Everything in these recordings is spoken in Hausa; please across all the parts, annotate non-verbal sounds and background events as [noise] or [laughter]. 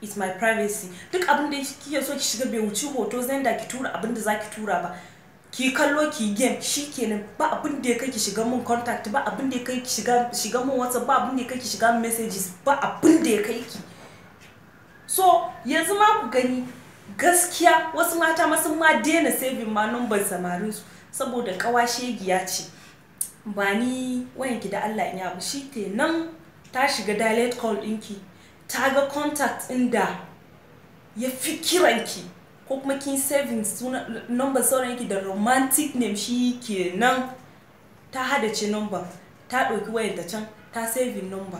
is my privacy duk abin da kike so ki shiga bai wuci hoto zan da ki tura abin da zaki tura ba ki kallo ki game shikenan ba abin da ya kai ki shiga mun contact ba abin da ya kai ki shiga shiga mun whatsapp ba abin da ya kai ki shiga mun messages ba abin da ya kai ki so yanzu ma ku gani gaskiya wasu mata ma sun ma daina saving ma number samarin su saboda kawashe giya ce ba ni wayanki da Allah in yabu shi kenan ta shiga dilate call ɗinki ta ga contact da ya fi kiranki ko kuma kin saving number sauran yake da romantic name shi ke nan. ta hada ce number ta ɗauki wayar da can ta saving number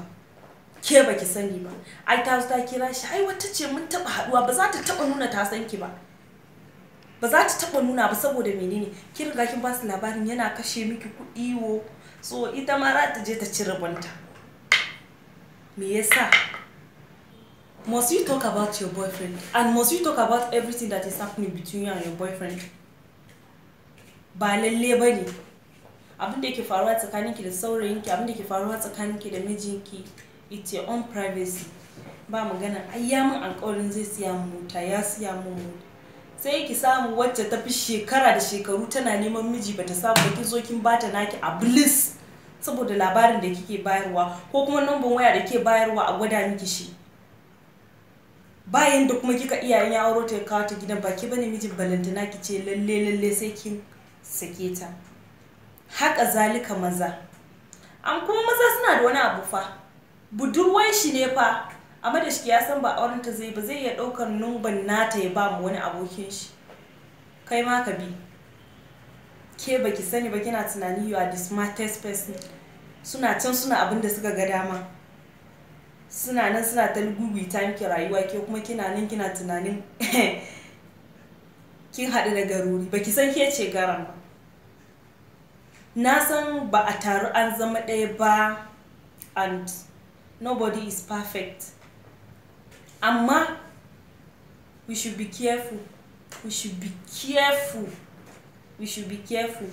ke ki sani ba ai ta ta kira shi ai wata ce mun taba haduwa ba za ta taba nuna ta san ki ba ba za ta taba nuna ba saboda menene kin riga kin ba su labarin yana kashe miki kuɗi wo so ita ma za ta je ta ci rabonta me yasa must you talk about your boyfriend? And must you talk about everything that is happening between you and your boyfriend? Ba lalle ba ne. Abin da yake faruwa tsakaninki da saurayinki, abin da yake faruwa tsakaninki da mijinki, it's your own privacy. Ba magana, ai ya min alƙawarin zai siya mu mota, ya siya mu mota. Sai ki samu wacce ta fi shekara da shekaru tana neman miji bata samu ba kin zo kin bata naki a bliss saboda labarin da kike bayarwa ko kuma numban waya da ke bayarwa a gwada miki shi. bayan da kuma kika iyayen ya auro ta ya kawo ta gidan baki bane mijin balantana ki ce lalle lalle sai kin sake ta haka zalika maza an kuma maza suna da wani abu fa budurwan shi ne fa amma da shi ya san ba auren ta zai ba zai iya daukar numban nata ya ba mu wani abokin shi kai ma ka bi ke baki sani ba kina tunani you are the smartest person suna can suna abin da suka ga dama suna nan suna ta ta miki rayuwa ke kuma kina nan kina tunanin [laughs] kin haɗu da garuri ba ki san ke ce garan ba na san ba a taru an zama ɗaya ba and nobody is perfect amma we should be careful we should be careful we should be careful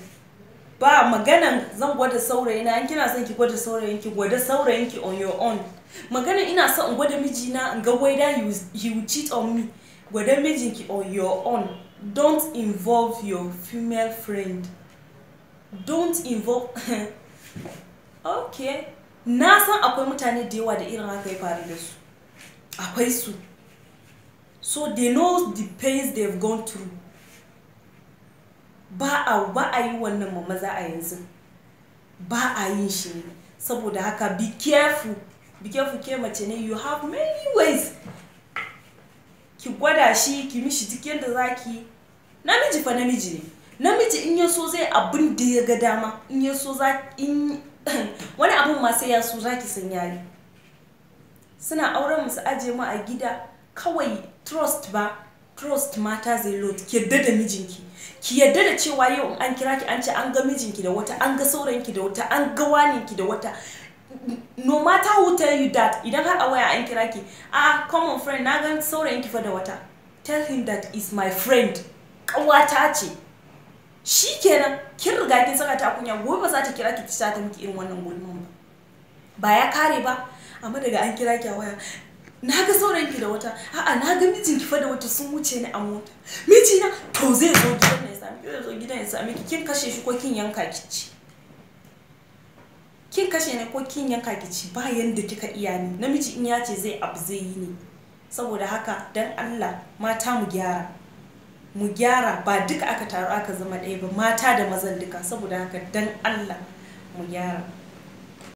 ba maganan zan gwada saurayina An kina son ki gwada saurayinki gwada saurayinki on your own magana ina so in gwada mijina in ga whether he will cheat on me gwada mijinki on your own don't involve your female friend don't involve [laughs] okay na san akwai mutane da yawa da irin haka ya faru da su akwai su so they know the pains they've gone through ba a ba a yi wannan ma maza a yanzu ba a yin shi ne saboda haka be careful be careful ke mace ne you have many ways ki gwada shi ki mishi duk yadda zaki namiji fa namiji ne namiji in ya so zai abin da ya ga dama in ya za in [coughs] wani abun ma sai ya so zaki san yari suna auren musu aje mu a gida kawai trust ba trust mata zai load ki yadda da mijinki ki yadda da cewa yau an kira ki an ce an ga mijinki da wata an ga saurayinki da wata an ga waninki da wata no matter who tell you that idan har a waya an kira ki a common friend na gan saurayin ki fa da wata tell him that is my friend kawata ce kenan kin riga kin saka ta kunya gobe ba za ta kira ki ta ta miki irin wannan gulman ba ba ya kare ba amma daga an kira ki a waya na ga saurayin ki da wata a'a na ga mijin ki fa da wata sun wuce ni a mota mijina to zai zo gidan ya sami ki zai zo gidan ya sami ki kin kashe shi ko kin yanka ki ci kin kashe ne ko kin yanka ki ci ba yanda kika iya ni namiji in ya ce zai abu zai yi ne saboda haka dan Allah mata mu gyara mu gyara ba duka aka taru aka zama ɗaya ba mata da mazan duka saboda haka dan Allah mu gyara